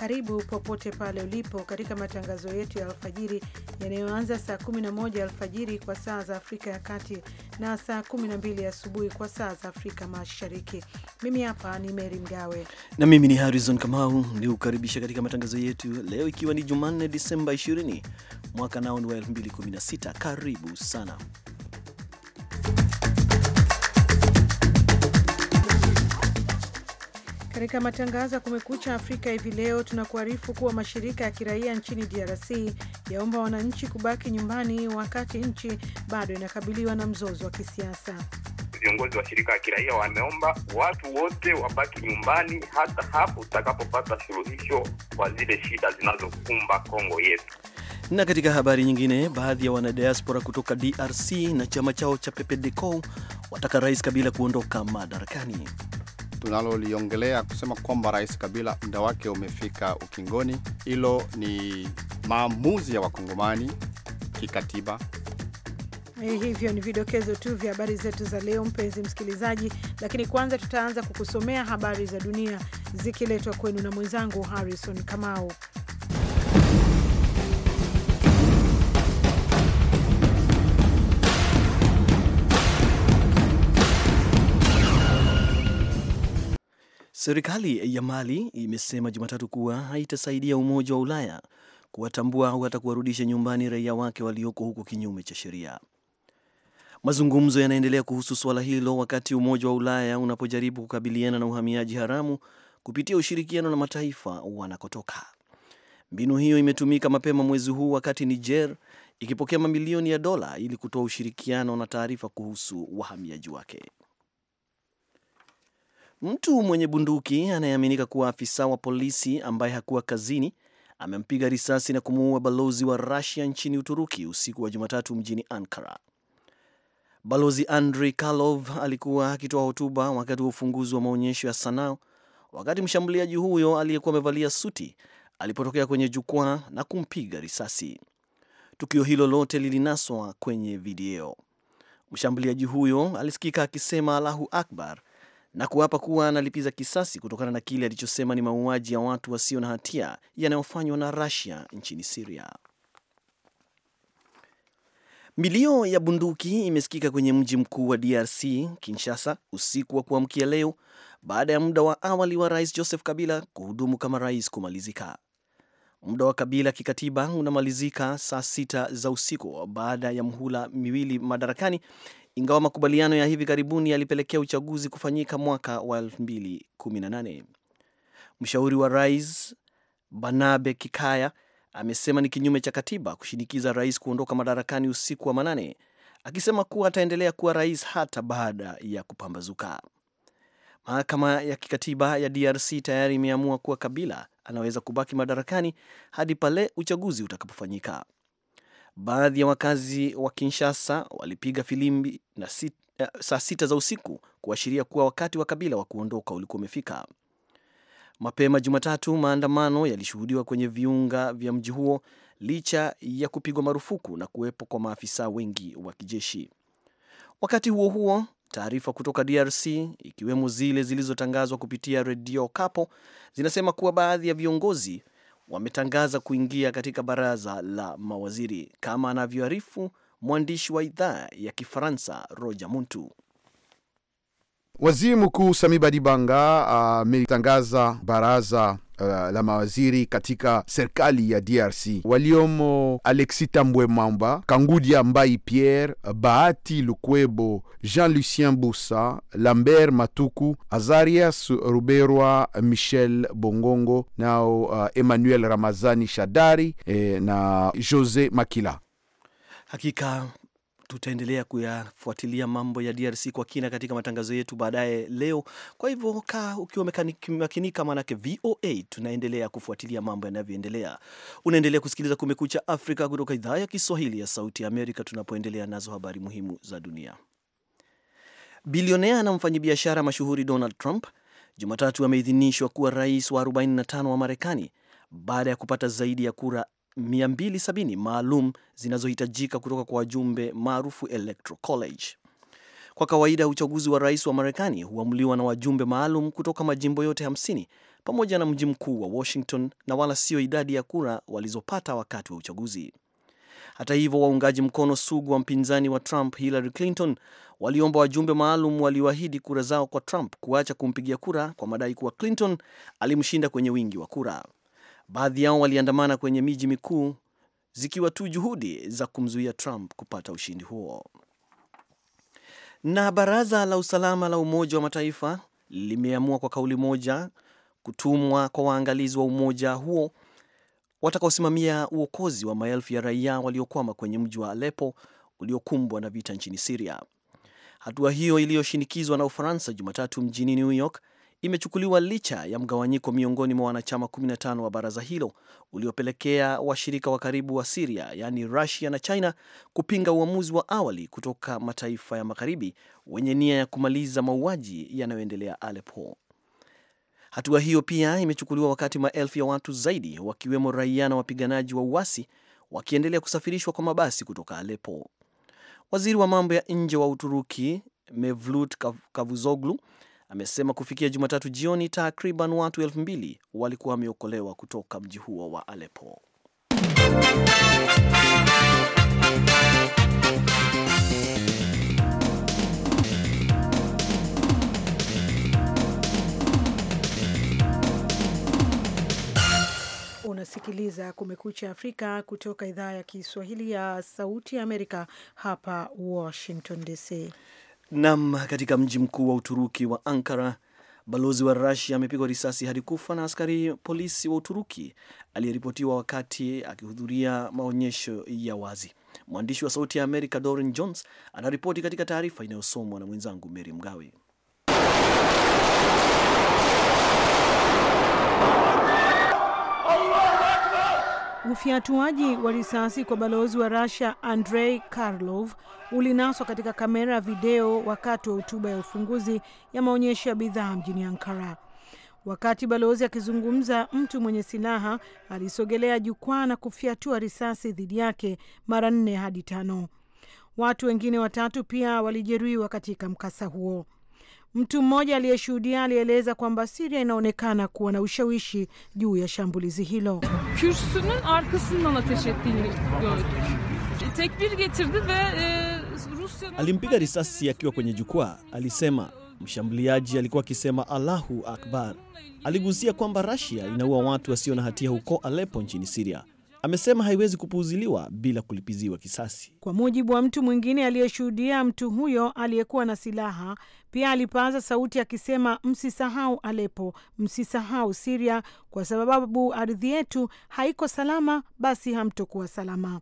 Karibu popote pale ulipo katika matangazo yetu ya alfajiri yanayoanza saa 11 alfajiri kwa saa za Afrika ya Kati na saa 12 asubuhi kwa saa za Afrika Mashariki. Mimi hapa ni Meri Mgawe na mimi ni Harrison Kamau, ni kukaribisha katika matangazo yetu leo, ikiwa ni Jumanne Disemba 20 mwaka nao ni wa 2016. Karibu sana Katika matangazo ya Kumekucha Afrika hivi leo, tunakuarifu kuwa mashirika ya kiraia nchini DRC yaomba wananchi kubaki nyumbani wakati nchi bado inakabiliwa na mzozo wa kisiasa. Viongozi wa shirika ya kiraia wameomba watu wote wabaki nyumbani hata hapo utakapopata suluhisho kwa zile shida zinazokumba Kongo yetu. Na katika habari nyingine, baadhi ya wanadiaspora kutoka DRC na chama chao cha Pepedeco wataka Rais Kabila kuondoka madarakani tunaloliongelea kusema kwamba Rais Kabila muda wake umefika ukingoni. Hilo ni maamuzi ya Wakongomani kikatiba. Eh, hivyo ni vidokezo tu vya habari zetu za leo, mpenzi msikilizaji, lakini kwanza tutaanza kukusomea habari za dunia zikiletwa kwenu na mwenzangu Harrison Kamau. Serikali ya Mali imesema Jumatatu kuwa haitasaidia Umoja wa Ulaya kuwatambua au hata kuwarudisha nyumbani raia wake walioko huko kinyume cha sheria. Mazungumzo yanaendelea kuhusu suala hilo wakati Umoja wa Ulaya unapojaribu kukabiliana na uhamiaji haramu kupitia ushirikiano na mataifa wanakotoka. Mbinu hiyo imetumika mapema mwezi huu wakati Niger ikipokea mamilioni ya dola ili kutoa ushirikiano na taarifa kuhusu wahamiaji wake. Mtu mwenye bunduki anayeaminika kuwa afisa wa polisi ambaye hakuwa kazini amempiga risasi na kumuua balozi wa Rusia nchini Uturuki usiku wa Jumatatu mjini Ankara. Balozi Andrei Karlov alikuwa akitoa hotuba wakati wa ufunguzi wa maonyesho ya sanaa, wakati mshambuliaji huyo aliyekuwa amevalia suti alipotokea kwenye jukwaa na kumpiga risasi. Tukio hilo lote lilinaswa kwenye video. Mshambuliaji huyo alisikika akisema Allahu Akbar na kuapa kuwa analipiza kisasi kutokana na kile alichosema ni mauaji ya watu wasio na hatia yanayofanywa na Russia nchini Syria. Milio ya bunduki imesikika kwenye mji mkuu wa DRC Kinshasa usiku wa kuamkia leo baada ya muda wa awali wa Rais Joseph Kabila kuhudumu kama rais kumalizika. Muda wa Kabila kikatiba unamalizika saa sita za usiku baada ya mhula miwili madarakani ingawa makubaliano ya hivi karibuni yalipelekea uchaguzi kufanyika mwaka wa 2018. Mshauri wa rais banabe Kikaya amesema ni kinyume cha katiba kushinikiza rais kuondoka madarakani usiku wa manane, akisema kuwa ataendelea kuwa rais hata baada ya kupambazuka. Mahakama ya kikatiba ya DRC tayari imeamua kuwa Kabila anaweza kubaki madarakani hadi pale uchaguzi utakapofanyika. Baadhi ya wakazi wa Kinshasa walipiga filimbi na sit, eh, saa sita za usiku kuashiria kuwa wakati wa Kabila wa kuondoka ulikuwa umefika. Mapema Jumatatu, maandamano yalishuhudiwa kwenye viunga vya mji huo licha ya kupigwa marufuku na kuwepo kwa maafisa wengi wa kijeshi. Wakati huo huo, taarifa kutoka DRC ikiwemo zile zilizotangazwa kupitia redio Kapo zinasema kuwa baadhi ya viongozi wametangaza kuingia katika baraza la mawaziri, kama anavyoarifu mwandishi wa idhaa ya Kifaransa Roger Muntu. Waziri Mkuu Sami Badibanga ah, ametangaza uh, baraza uh, la mawaziri katika serikali ya DRC waliomo Alexi Tambwe Mwamba, Kangudia Mbai Pierre, Bahati Lukwebo, Jean Lucien Busa, Lambert Matuku, Azarias Ruberwa, Michel Bongongo nao uh, Emmanuel Ramazani Shadari eh, na Jose Makila. Hakika tutaendelea kuyafuatilia mambo ya DRC kwa kina katika matangazo yetu baadaye leo. Kwa hivyo kaa ukiwa umemakinika, maanake VOA tunaendelea kufuatilia mambo yanavyoendelea. Unaendelea kusikiliza Kumekucha Afrika kutoka idhaa ya Kiswahili ya Sauti ya Amerika, tunapoendelea nazo habari muhimu za dunia. Bilionea na mfanyabiashara mashuhuri Donald Trump Jumatatu ameidhinishwa kuwa rais wa 45 wa Marekani baada ya kupata zaidi ya kura 270 maalum zinazohitajika kutoka kwa wajumbe maarufu Electoral College. Kwa kawaida uchaguzi wa rais wa Marekani huamuliwa na wajumbe maalum kutoka majimbo yote 50 pamoja na mji mkuu wa Washington, na wala sio idadi ya kura walizopata wakati wa uchaguzi. Hata hivyo, waungaji mkono sugu wa mpinzani wa Trump Hillary Clinton waliomba wajumbe maalum walioahidi kura zao kwa Trump kuacha kumpigia kura kwa madai kuwa Clinton alimshinda kwenye wingi wa kura. Baadhi yao waliandamana kwenye miji mikuu zikiwa tu juhudi za kumzuia Trump kupata ushindi huo. Na baraza la usalama la Umoja wa Mataifa limeamua kwa kauli moja kutumwa kwa waangalizi wa umoja huo watakaosimamia uokozi wa maelfu ya raia waliokwama kwenye mji wa Alepo uliokumbwa na vita nchini Siria. Hatua hiyo iliyoshinikizwa na Ufaransa Jumatatu mjini New York imechukuliwa licha ya mgawanyiko miongoni mwa wanachama 15 wa baraza hilo uliopelekea washirika wa karibu wa Siria yaani Rusia na China kupinga uamuzi wa awali kutoka mataifa ya magharibi wenye nia ya kumaliza mauaji yanayoendelea alepo Hatua hiyo pia imechukuliwa wakati maelfu ya watu zaidi wakiwemo raia na wapiganaji wa uasi wakiendelea kusafirishwa kwa mabasi kutoka alepo Waziri wa mambo ya nje wa Uturuki Mevlut Kavuzoglu amesema kufikia Jumatatu jioni takriban watu elfu mbili walikuwa wameokolewa kutoka mji huo wa Aleppo. Unasikiliza Kumekucha Afrika kutoka idhaa ya Kiswahili ya Sauti ya Amerika, hapa Washington DC. Nam, katika mji mkuu wa Uturuki wa Ankara, balozi wa Rusia amepigwa risasi hadi kufa na askari polisi wa Uturuki aliyeripotiwa wakati akihudhuria maonyesho ya wazi. Mwandishi wa Sauti ya Amerika Dorin Jones anaripoti katika taarifa inayosomwa na mwenzangu Meri Mgawe. Ufyatuaji wa risasi kwa balozi wa Russia Andrei Karlov ulinaswa katika kamera ya video wakati wa hotuba ya ufunguzi ya maonyesho ya bidhaa mjini Ankara. Wakati balozi akizungumza, mtu mwenye silaha alisogelea jukwaa na kufyatua risasi dhidi yake mara nne hadi tano. Watu wengine watatu pia walijeruhiwa katika mkasa huo. Mtu mmoja aliyeshuhudia alieleza kwamba Siria inaonekana kuwa na ushawishi juu ya shambulizi hilo. E, Alimpiga risasi akiwa kwenye jukwaa, alisema mshambuliaji alikuwa akisema Allahu Akbar. Aligusia kwamba Russia inaua watu wasio na hatia huko Aleppo nchini siria amesema haiwezi kupuuziliwa bila kulipiziwa kisasi. Kwa mujibu wa mtu mwingine aliyeshuhudia, mtu huyo aliyekuwa na silaha pia alipaza sauti akisema, msisahau Alepo, msisahau Siria, kwa sababu ardhi yetu haiko salama, basi hamtokuwa salama.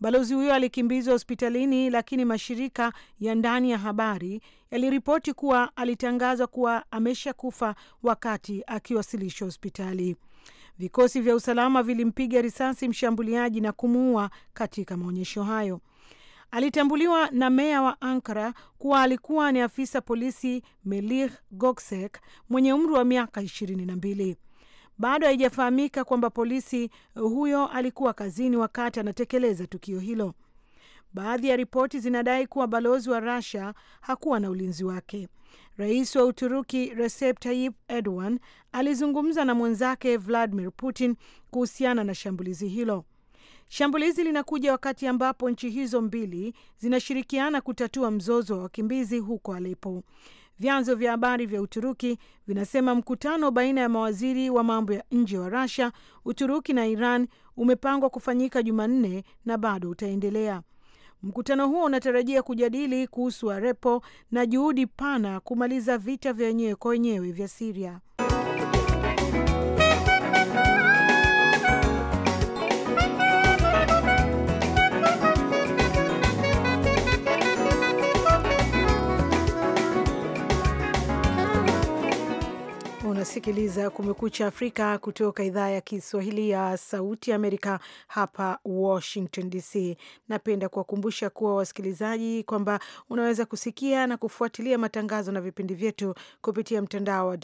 Balozi huyo alikimbizwa hospitalini, lakini mashirika ya ndani ya habari yaliripoti kuwa alitangazwa kuwa ameshakufa wakati akiwasilishwa hospitali. Vikosi vya usalama vilimpiga risasi mshambuliaji na kumuua katika maonyesho hayo. Alitambuliwa na meya wa Ankara kuwa alikuwa ni afisa polisi Melih Goksek mwenye umri wa miaka ishirini na mbili. Bado haijafahamika kwamba polisi huyo alikuwa kazini wakati anatekeleza tukio hilo. Baadhi ya ripoti zinadai kuwa balozi wa rasia hakuwa na ulinzi wake. Rais wa Uturuki Recep Tayyip Erdogan alizungumza na mwenzake Vladimir Putin kuhusiana na shambulizi hilo. Shambulizi linakuja wakati ambapo nchi hizo mbili zinashirikiana kutatua mzozo wa wakimbizi huko alepo Vyanzo vya habari vya Uturuki vinasema mkutano baina ya mawaziri wa mambo ya nje wa rasia Uturuki na Iran umepangwa kufanyika Jumanne na bado utaendelea. Mkutano huo unatarajia kujadili kuhusu Arepo na juhudi pana kumaliza vita vya wenyewe kwa wenyewe vya Siria. Unasikiliza Kumekucha Afrika kutoka idhaa ya Kiswahili ya Sauti ya Amerika hapa Washington DC. Napenda kuwakumbusha kuwa wasikilizaji kwamba unaweza kusikia na kufuatilia matangazo na vipindi vyetu kupitia mtandao wa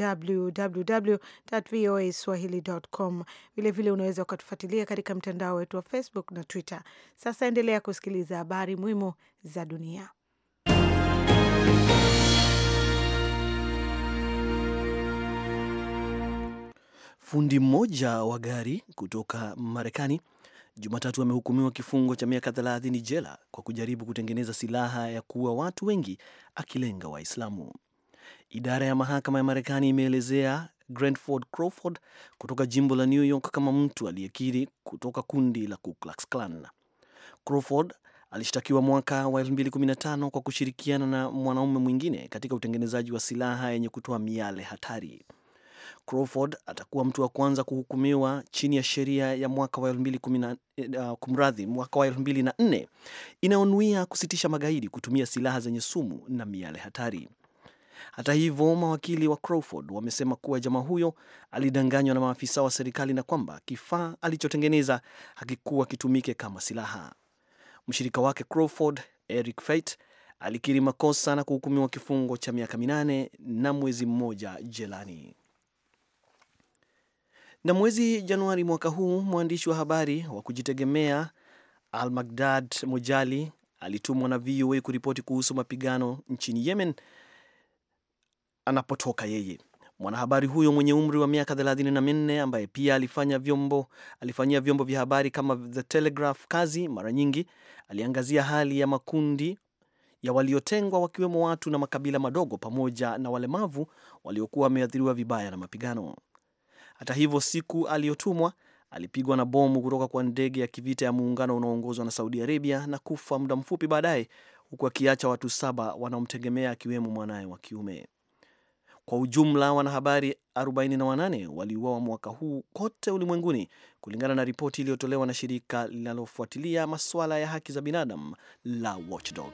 swahilicom Vilevile unaweza ukatufuatilia katika mtandao wetu wa Facebook na Twitter. Sasa endelea kusikiliza habari muhimu za dunia. Fundi mmoja wa gari kutoka Marekani Jumatatu amehukumiwa kifungo cha miaka 30 jela kwa kujaribu kutengeneza silaha ya kuua watu wengi akilenga Waislamu. Idara ya mahakama ya Marekani imeelezea Grandford Crawford kutoka jimbo la New York kama mtu aliyekiri kutoka kundi la Ku Klux Klan. Crawford alishtakiwa mwaka wa 2015 kwa kushirikiana na mwanaume mwingine katika utengenezaji wa silaha yenye kutoa miale hatari. Crawford atakuwa mtu wa kwanza kuhukumiwa chini ya sheria ya mwaka wa uh, kumradhi, mwaka wa 2004 inayonuia kusitisha magaidi kutumia silaha zenye sumu na miale hatari. Hata hivyo, mawakili wa Crawford wamesema kuwa jamaa huyo alidanganywa na maafisa wa serikali na kwamba kifaa alichotengeneza hakikuwa kitumike kama silaha. Mshirika wake Crawford, Eric Fate, alikiri makosa na kuhukumiwa kifungo cha miaka minane na mwezi mmoja jelani. Na mwezi Januari mwaka huu mwandishi wa habari wa kujitegemea al magdad Mojali alitumwa na VOA kuripoti kuhusu mapigano nchini Yemen anapotoka yeye. Mwanahabari huyo mwenye umri wa miaka 34 ambaye pia alifanya vyombo alifanyia vyombo vya habari kama The Telegraph kazi mara nyingi, aliangazia hali ya makundi ya waliotengwa wakiwemo watu na makabila madogo pamoja na walemavu waliokuwa wameathiriwa vibaya na mapigano. Hata hivyo, siku aliyotumwa alipigwa na bomu kutoka kwa ndege ya kivita ya muungano unaoongozwa na Saudi Arabia na kufa muda mfupi baadaye, huku akiacha watu saba wanaomtegemea akiwemo mwanaye wa kiume. Kwa ujumla wanahabari 48 waliuawa mwaka huu kote ulimwenguni, kulingana na ripoti iliyotolewa na shirika linalofuatilia masuala ya haki za binadamu la Watchdog.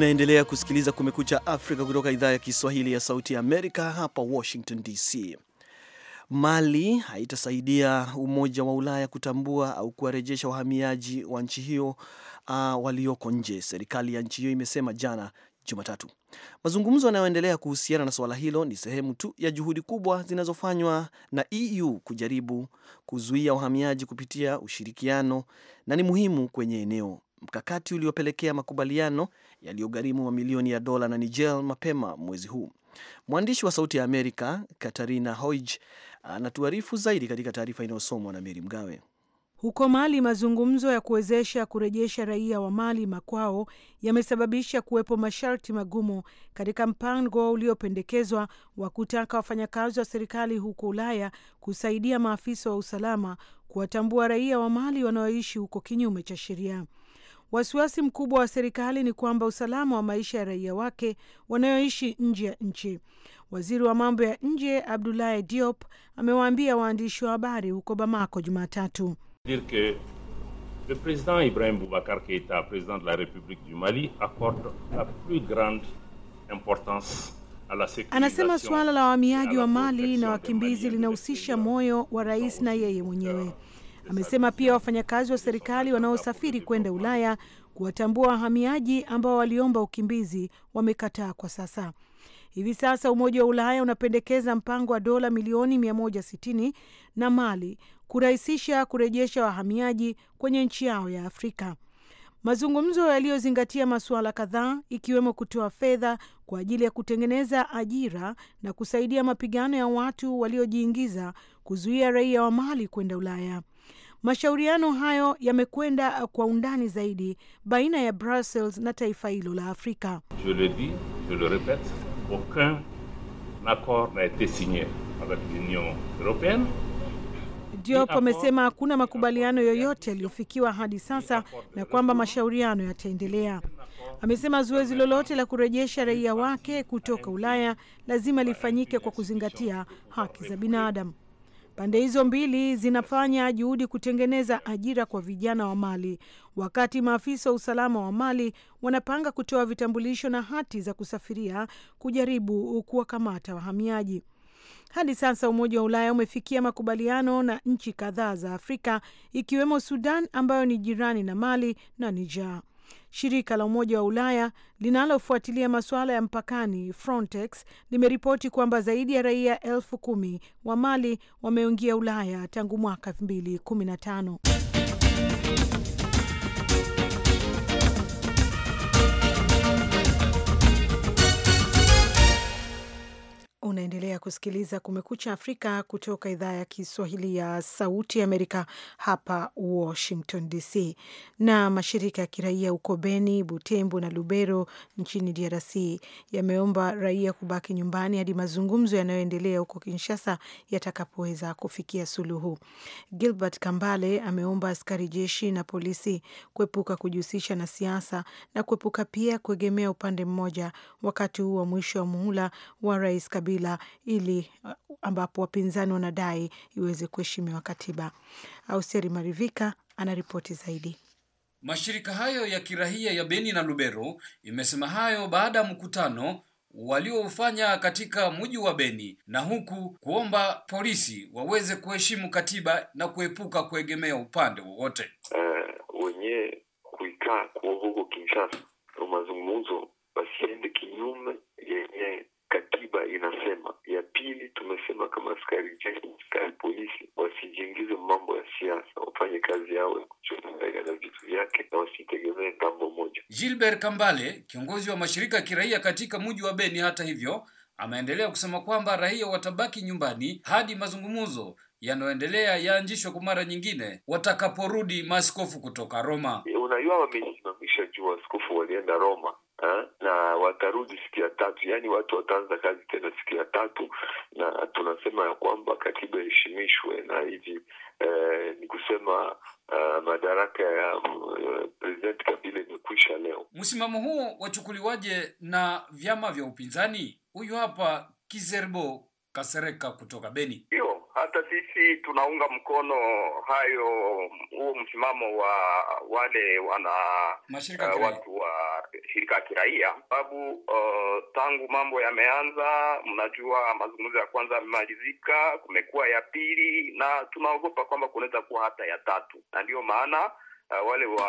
Unaendelea kusikiliza Kumekucha Afrika kutoka idhaa ya Kiswahili ya Sauti ya Amerika, hapa Washington DC. Mali haitasaidia Umoja wa Ulaya kutambua au kuwarejesha wahamiaji wa nchi hiyo uh, walioko nje, serikali ya nchi hiyo imesema jana Jumatatu. Mazungumzo yanayoendelea kuhusiana na suala hilo ni sehemu tu ya juhudi kubwa zinazofanywa na EU kujaribu kuzuia wahamiaji kupitia ushirikiano na ni muhimu kwenye eneo mkakati uliopelekea makubaliano yaliyogharimu mamilioni ya dola na Niger mapema mwezi huu. Mwandishi wa Sauti ya Amerika Katarina Hoij anatuarifu zaidi katika taarifa inayosomwa na Meri Mgawe. Huko Mali, mazungumzo ya kuwezesha kurejesha raia wa Mali makwao yamesababisha kuwepo masharti magumu katika mpango uliopendekezwa wa kutaka wafanyakazi wa serikali huko Ulaya kusaidia maafisa wa usalama kuwatambua raia wa Mali wanaoishi huko kinyume cha sheria. Wasiwasi mkubwa wa serikali ni kwamba usalama wa maisha ya raia wake wanayoishi nje ya nchi. Waziri wa mambo ya nje Abdoulaye Diop amewaambia waandishi wa habari huko Bamako Jumatatu le président Ibrahim Boubacar président de la République du Mali, accorde la plus grande importance Anasema suala la wahamiaji wa Mali na wakimbizi linahusisha moyo wa rais na yeye mwenyewe. Amesema pia wafanyakazi wa serikali wanaosafiri kwenda Ulaya kuwatambua wahamiaji ambao waliomba ukimbizi wamekataa kwa sasa. Hivi sasa Umoja wa Ulaya unapendekeza mpango wa dola milioni 160 na Mali kurahisisha kurejesha wahamiaji kwenye nchi yao ya Afrika. Mazungumzo yaliyozingatia masuala kadhaa ikiwemo kutoa fedha kwa ajili ya kutengeneza ajira na kusaidia mapigano ya watu waliojiingiza kuzuia raia wa Mali kwenda Ulaya. Mashauriano hayo yamekwenda kwa undani zaidi baina ya Brussels na taifa hilo la Afrika. Je le dis, je le repete, aucun accord n'a été avec l'union européenne Diop amesema hakuna makubaliano yoyote yaliyofikiwa hadi sasa na kwamba mashauriano yataendelea. Amesema zoezi lolote la kurejesha raia wake kutoka Ulaya lazima lifanyike kwa kuzingatia haki za binadamu. Pande hizo mbili zinafanya juhudi kutengeneza ajira kwa vijana wa Mali, wakati maafisa wa usalama wa Mali wanapanga kutoa vitambulisho na hati za kusafiria kujaribu kuwakamata wahamiaji. Hadi sasa Umoja wa Ulaya umefikia makubaliano na nchi kadhaa za Afrika ikiwemo Sudan ambayo ni jirani na Mali na Niger. Shirika la Umoja wa Ulaya linalofuatilia masuala ya mpakani Frontex limeripoti kwamba zaidi ya raia elfu kumi wa Mali wameingia Ulaya tangu mwaka tano. Unaendelea kusikiliza Kumekucha Afrika kutoka idhaa ya Kiswahili ya Sauti Amerika hapa Washington DC. Na mashirika ya kiraia huko Beni, Butembo na Lubero nchini DRC yameomba raia kubaki nyumbani hadi mazungumzo yanayoendelea huko Kinshasa yatakapoweza kufikia suluhu. Gilbert Kambale ameomba askari jeshi na polisi kuepuka kujihusisha na siasa na kuepuka pia kuegemea upande mmoja wakati huu wa mwisho wa muhula wa Rais Kabila kikabila ili uh, ambapo wapinzani wanadai iweze kuheshimiwa katiba. Auseri Marivika anaripoti zaidi. Mashirika hayo ya kirahia ya Beni na Lubero imesema hayo baada ya mkutano walioufanya katika mji wa Beni na huku kuomba polisi waweze kuheshimu katiba na kuepuka kuegemea upande wowote. Uh, wenye kuikaa kwa huko Kinshasa mazungumzo kama askari jeshi, askari polisi wasijiingize mambo ya siasa, wafanye kazi yao ya kuchunga na vitu vyake na wasitegemee kambo moja. Gilbert Kambale, kiongozi wa mashirika ya kiraia katika mji wa Beni, hata hivyo ameendelea kusema kwamba raia watabaki nyumbani hadi mazungumzo yanayoendelea yaanzishwe kwa mara nyingine watakaporudi maaskofu kutoka Roma. E, unajua wamesimamisha juu askofu walienda Roma ha? Eh? na watarudi siku ya tatu, yaani watu wataanza kazi tena siku ya tatu, na tunasema ya kwamba katiba iheshimishwe na hivi eh, ni kusema uh, madaraka ya uh, president Kabila imekwisha leo. Msimamo huo wachukuliwaje na vyama vya upinzani? Huyu hapa Kizerbo Kasereka kutoka Beni. Hiyo hata sisi tunaunga mkono hayo huo msimamo wa wale wana uh, watu wa shirika ya kiraia sababu uh, tangu mambo yameanza, mnajua mazungumzo ya kwanza yamemalizika, kumekuwa ya pili, na tunaogopa kwamba kunaweza kuwa hata ya tatu, na ndiyo maana uh, wale wa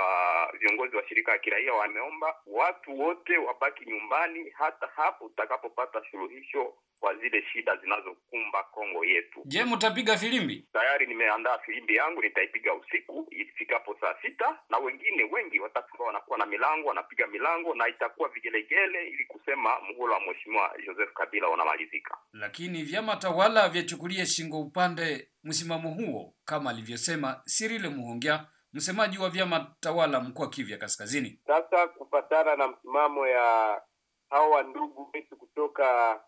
viongozi wa shirika ya kiraia wameomba watu wote wabaki nyumbani hata hapo utakapopata suluhisho kwa zile shida zinazokumba Kongo yetu. Je, mtapiga filimbi? Tayari nimeandaa filimbi yangu, nitaipiga usiku ifikapo saa sita, na wengine wengi watakuwa wanakuwa na milango, wanapiga milango na itakuwa vigelegele, ili kusema muhula wa mheshimiwa Joseph Kabila unamalizika. Lakini vyama tawala vyachukulie shingo upande msimamo huo, kama alivyosema Sirile Muhongia msemaji wa vyama tawala mkoa Kivu ya Kaskazini. Sasa kufatana na msimamo ya hawa ndugu wetu kutoka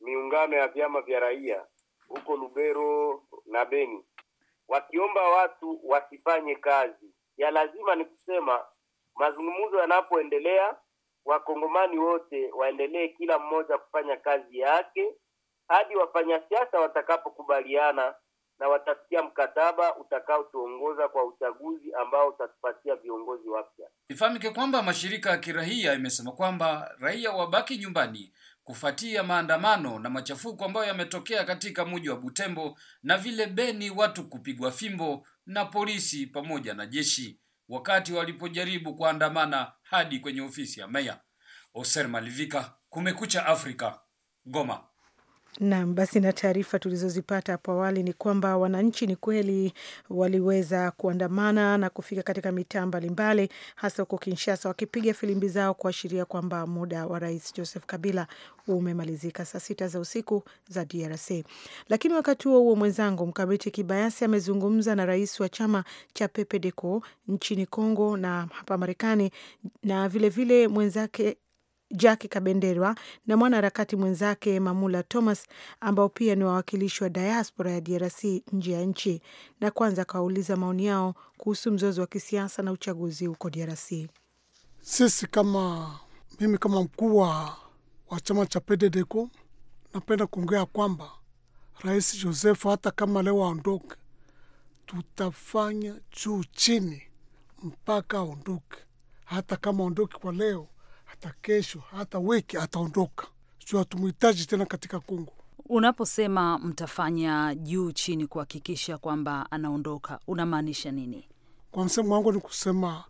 miungano ya vyama vya raia huko Lubero na Beni, wakiomba watu wasifanye kazi ya lazima, ni kusema mazungumzo yanapoendelea, wakongomani wote waendelee kila mmoja kufanya kazi yake hadi wafanyasiasa watakapokubaliana na watafikia mkataba utakaotuongoza kwa uchaguzi ambao utatupatia viongozi wapya. Ifahamike kwamba mashirika ya kiraia imesema kwamba raia wabaki nyumbani kufuatia maandamano na machafuko ambayo yametokea katika mji wa Butembo na vile Beni, watu kupigwa fimbo na polisi pamoja na jeshi wakati walipojaribu kuandamana hadi kwenye ofisi ya meya. Oser Malivika, Kumekucha Afrika, Goma. Naam, basi na taarifa tulizozipata hapo awali ni kwamba wananchi ni kweli waliweza kuandamana na kufika katika mitaa mbalimbali hasa huko Kinshasa wakipiga filimbi zao kuashiria kwamba muda wa Rais Joseph Kabila umemalizika saa sita za usiku za DRC. Lakini wakati huo huo, mwenzangu Mkamiti Kibayasi amezungumza na rais wa chama cha PPDCO nchini congo na hapa Marekani na vilevile vile mwenzake Jaki Kabenderwa na mwanaharakati mwenzake Mamula Thomas ambao pia ni wawakilishi wa diaspora ya DRC nje ya nchi, na kwanza akawauliza maoni yao kuhusu mzozo wa kisiasa na uchaguzi huko DRC. Sisi kama mimi kama mkuu wa chama cha PDDCO napenda kuongea kwamba Rais Joseph hata kama leo aondoke, tutafanya juu chini mpaka aondoke. Hata kama aondoke kwa leo, hata kesho, hata wiki ataondoka, sio hatumuhitaji tena katika Kongo. Unaposema mtafanya juu chini kuhakikisha kwamba anaondoka, unamaanisha nini? Kwa msemo wangu ni kusema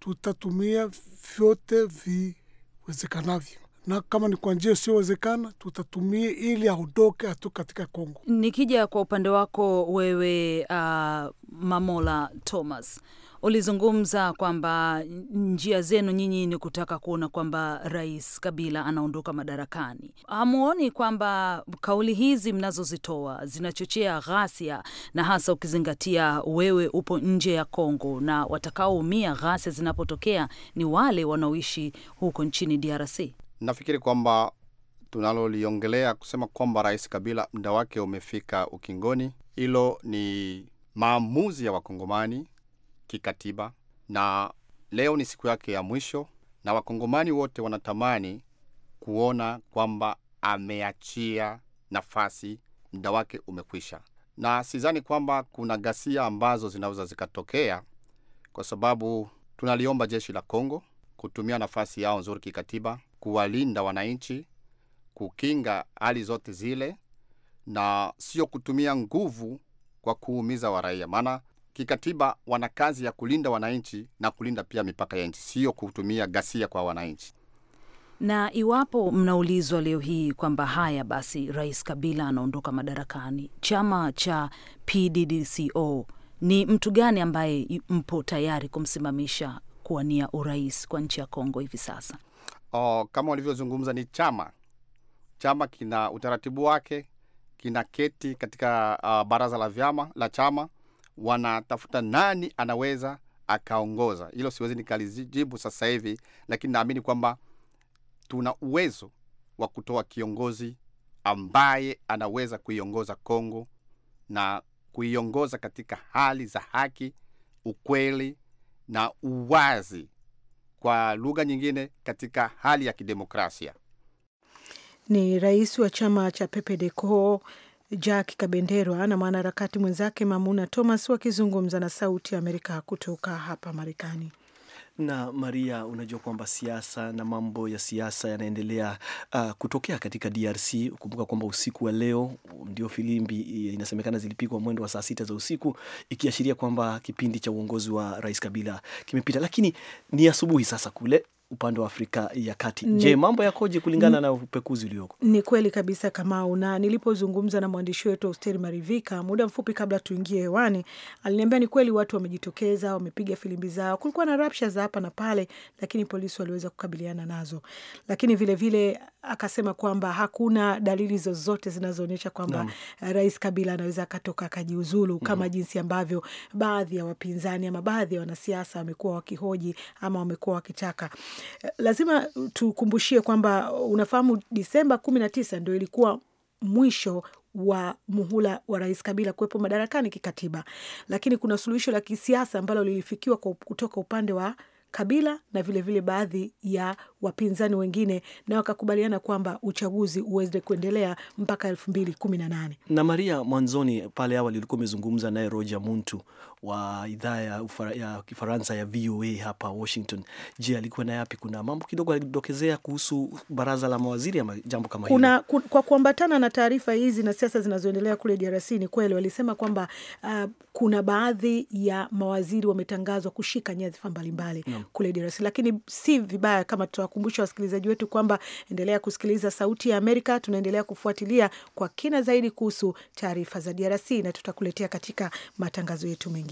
tutatumia vyote viwezekanavyo, na kama ni kwa njia isiyowezekana tutatumia ili aondoke atu katika Kongo. Nikija kwa upande wako wewe, uh, Mamola Thomas, ulizungumza kwamba njia zenu nyinyi ni kutaka kuona kwamba Rais Kabila anaondoka madarakani. Hamuoni kwamba kauli hizi mnazozitoa zinachochea ghasia, na hasa ukizingatia wewe upo nje ya Kongo, na watakaoumia ghasia zinapotokea ni wale wanaoishi huko nchini DRC? Nafikiri kwamba tunaloliongelea kusema kwamba Rais Kabila muda wake umefika ukingoni, hilo ni maamuzi ya Wakongomani kikatiba, na leo ni siku yake ya mwisho, na wakongomani wote wanatamani kuona kwamba ameachia nafasi, muda wake umekwisha, na sizani kwamba kuna ghasia ambazo zinaweza zikatokea, kwa sababu tunaliomba jeshi la Kongo kutumia nafasi yao nzuri kikatiba kuwalinda wananchi, kukinga hali zote zile, na sio kutumia nguvu kwa kuumiza waraia, maana kikatiba wana kazi ya kulinda wananchi na kulinda pia mipaka ya nchi, sio kutumia ghasia kwa wananchi. Na iwapo mnaulizwa leo hii kwamba haya basi, Rais Kabila anaondoka madarakani, chama cha PDDCO ni mtu gani ambaye mpo tayari kumsimamisha kuwania urais kwa nchi ya Kongo hivi sasa? Oh, kama walivyozungumza ni chama chama kina utaratibu wake, kina keti katika uh, baraza la vyama la chama wanatafuta nani anaweza akaongoza. Hilo siwezi nikalijibu sasa hivi, lakini naamini kwamba tuna uwezo wa kutoa kiongozi ambaye anaweza kuiongoza Kongo na kuiongoza katika hali za haki, ukweli na uwazi, kwa lugha nyingine, katika hali ya kidemokrasia. Ni rais wa chama cha PPDCO Jack Kabenderwa na mwanaharakati mwenzake Mamuna Thomas wakizungumza na Sauti ya Amerika kutoka hapa Marekani na Maria, unajua kwamba siasa na mambo ya siasa yanaendelea uh, kutokea katika DRC. Kumbuka kwamba usiku wa leo ndio filimbi eh, inasemekana zilipigwa mwendo wa saa sita za usiku, ikiashiria kwamba kipindi cha uongozi wa Rais Kabila kimepita, lakini ni asubuhi sasa kule upande wa Afrika ya Kati. Je, mambo yakoje kulingana na upekuzi ulioko? Ni kweli kabisa Kamau, na nilipozungumza na mwandishi wetu Austeri Marivika muda mfupi kabla tuingie hewani, aliniambia ni kweli watu wamejitokeza, wamepiga filimbi zao. Kulikuwa na rapsha za hapa na pale, lakini polisi waliweza kukabiliana nazo. Lakini vilevile vile, akasema kwamba hakuna dalili zozote zinazoonyesha kwamba no. Eh, Rais Kabila anaweza akatoka akajiuzulu kama mm -hmm. jinsi ambavyo baadhi ya wapinzani ama baadhi ya wanasiasa wamekuwa wakihoji ama wamekuwa wakitaka. Eh, lazima tukumbushie kwamba unafahamu, Disemba kumi na tisa ndio ilikuwa mwisho wa muhula wa Rais Kabila kuwepo madarakani kikatiba, lakini kuna suluhisho la kisiasa ambalo lilifikiwa kutoka upande wa Kabila na vilevile vile baadhi ya wapinzani wengine, na wakakubaliana kwamba uchaguzi uweze kuendelea mpaka elfu mbili kumi na nane. Na Maria, mwanzoni pale awali ulikuwa umezungumza naye Roger Muntu wa idhaa ya, ya Kifaransa ya VOA hapa Washington. Je, alikuwa na yapi? Kuna mambo kidogo alidokezea kuhusu baraza la mawaziri ama jambo kama kuna, Kwa kuambatana na taarifa hizi na siasa zinazoendelea kule DRC, ni kweli walisema kwamba uh, kuna baadhi ya mawaziri wametangazwa kushika nyadhifa mbalimbali no. kule DRC, lakini si vibaya kama tutawakumbusha wasikilizaji wetu kwamba endelea kusikiliza Sauti ya Amerika. Tunaendelea kufuatilia kwa kina zaidi kuhusu taarifa za DRC na tutakuletea katika matangazo yetu mengi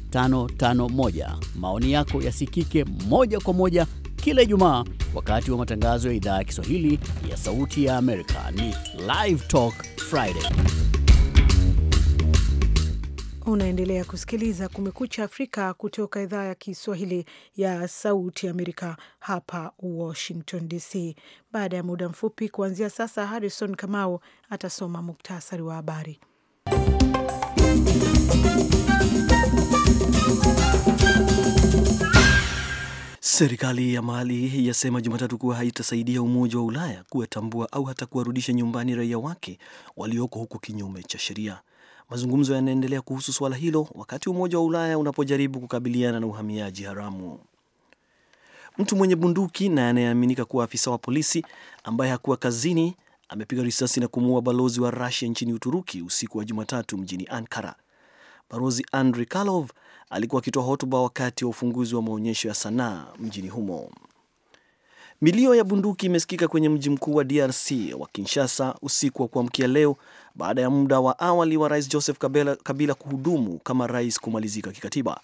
551. Maoni yako yasikike moja kwa moja kila Ijumaa wakati wa matangazo ya idhaa ya Kiswahili ya Sauti ya Amerika. Ni Live Talk Friday. Unaendelea kusikiliza Kumekucha Afrika kutoka idhaa ya Kiswahili ya Sauti Amerika hapa Washington DC. Baada ya muda mfupi kuanzia sasa, Harrison Kamau atasoma muktasari wa habari. Serikali ya Mali yasema Jumatatu kuwa haitasaidia Umoja wa Ulaya kuwatambua au hata kuwarudisha nyumbani raia wake walioko huko kinyume cha sheria. Mazungumzo yanaendelea kuhusu suala hilo wakati Umoja wa Ulaya unapojaribu kukabiliana na uhamiaji haramu. Mtu mwenye bunduki na anayeaminika kuwa afisa wa polisi ambaye hakuwa kazini amepiga risasi na kumuua balozi wa Rusia nchini Uturuki usiku wa Jumatatu mjini Ankara. Balozi andri Karlov alikuwa akitoa hotuba wakati wa ufunguzi wa maonyesho ya sanaa mjini humo. Milio ya bunduki imesikika kwenye mji mkuu wa DRC wa Kinshasa usiku wa kuamkia leo baada ya muda wa awali wa rais Joseph Kabila, Kabila kuhudumu kama rais kumalizika kikatiba.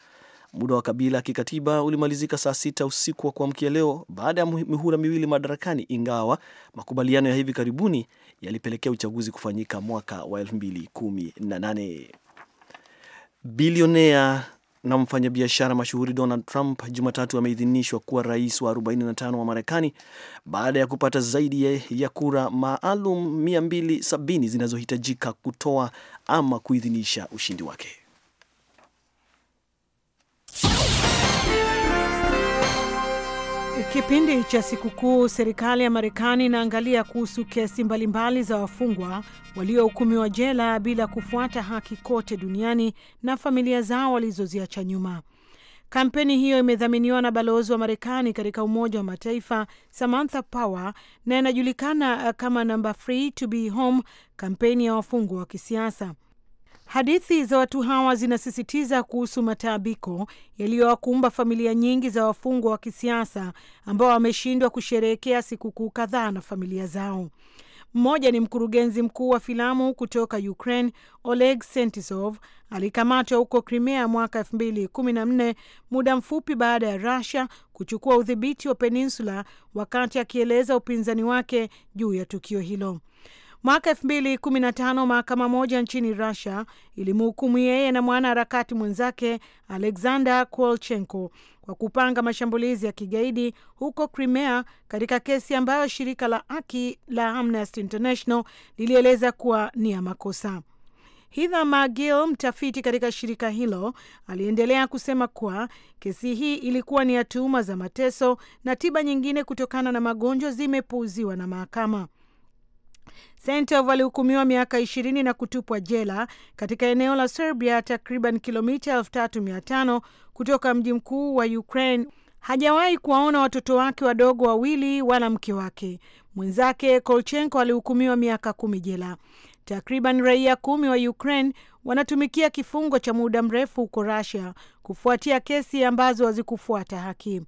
Muda wa Kabila kikatiba ulimalizika saa sita usiku wa kuamkia leo baada ya mihula miwili madarakani, ingawa makubaliano ya hivi karibuni yalipelekea uchaguzi kufanyika mwaka wa 2018. Bilionea na mfanyabiashara mashuhuri Donald Trump Jumatatu ameidhinishwa kuwa rais wa 45 wa Marekani baada ya kupata zaidi ya kura maalum 270 zinazohitajika kutoa ama kuidhinisha ushindi wake. Kipindi cha sikukuu, serikali ya Marekani inaangalia kuhusu kesi mbalimbali za wafungwa waliohukumiwa jela bila kufuata haki kote duniani na familia zao walizoziacha nyuma. Kampeni hiyo imedhaminiwa na balozi wa Marekani katika Umoja wa Mataifa Samantha Power na inajulikana kama Number Free to Be Home, kampeni ya wafungwa wa kisiasa. Hadithi za watu hawa zinasisitiza kuhusu mataabiko yaliyowakumba familia nyingi za wafungwa wa kisiasa ambao wameshindwa kusherehekea sikukuu kadhaa na familia zao. Mmoja ni mkurugenzi mkuu wa filamu kutoka Ukraine, Oleg Sentisov, alikamatwa huko Crimea mwaka 2014 muda mfupi baada ya Russia kuchukua udhibiti wa peninsula, wakati akieleza upinzani wake juu ya tukio hilo. Mwaka tano mahakama moja nchini Russia ilimhukumu yeye na mwanaharakati mwenzake Alexander Kolchenko kwa kupanga mashambulizi ya kigaidi huko Crimea, katika kesi ambayo shirika la haki la Amnesty International lilieleza kuwa ni ya makosa. Hitha Magil, mtafiti katika shirika hilo, aliendelea kusema kuwa kesi hii ilikuwa ni ya tuhuma za mateso na tiba nyingine kutokana na magonjwa zimepuuziwa na mahakama. Sentov alihukumiwa miaka ishirini na kutupwa jela katika eneo la Serbia, takriban kilomita 3500 kutoka mji mkuu wa Ukraine. Hajawahi kuwaona watoto wake wadogo wawili wala mke wake. Mwenzake Kolchenko alihukumiwa miaka kumi jela. Takriban raia kumi wa Ukraine wanatumikia kifungo cha muda mrefu huko rasia kufuatia kesi ambazo hazikufuata haki.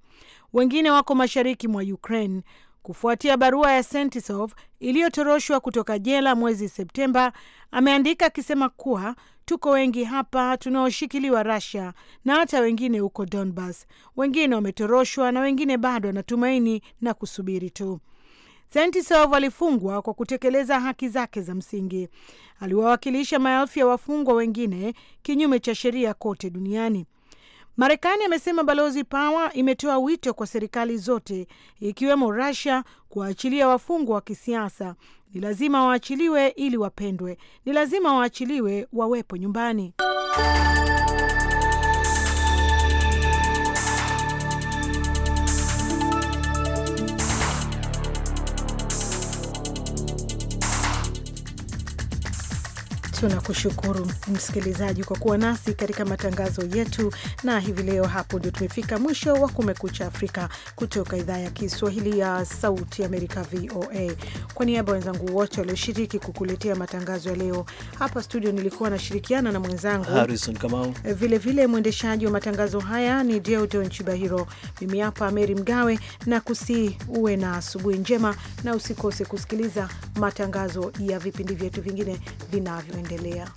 Wengine wako mashariki mwa Ukraine kufuatia barua ya Sentisov iliyotoroshwa kutoka jela mwezi Septemba. Ameandika akisema kuwa tuko wengi hapa tunaoshikiliwa rasia na hata wengine huko Donbas, wengine wametoroshwa na wengine bado wanatumaini na kusubiri tu. Sentisov alifungwa kwa kutekeleza haki zake za msingi. Aliwawakilisha maelfu ya wafungwa wengine kinyume cha sheria kote duniani. Marekani amesema balozi Power imetoa wito kwa serikali zote ikiwemo Russia kuwaachilia wafungwa wa kisiasa. Ni lazima waachiliwe ili wapendwe, ni lazima waachiliwe wawepo nyumbani. Tunakushukuru msikilizaji kwa kuwa nasi katika matangazo yetu, na hivi leo hapo ndio tumefika mwisho wa Kumekucha Afrika kutoka idhaa ya Kiswahili ya Sauti Amerika, VOA. Kwa niaba ya wenzangu wote walioshiriki kukuletea matangazo ya leo hapa studio, nilikuwa nashirikiana na mwenzangu Harrison Kamau. Vilevile eh, mwendeshaji wa matangazo haya ni Deodon Chibahiro. Mimi hapa Meri Mgawe na kusi, uwe na asubuhi njema na usikose kusikiliza matangazo ya vipindi vyetu vingine vinavyoendelea. Montpellier.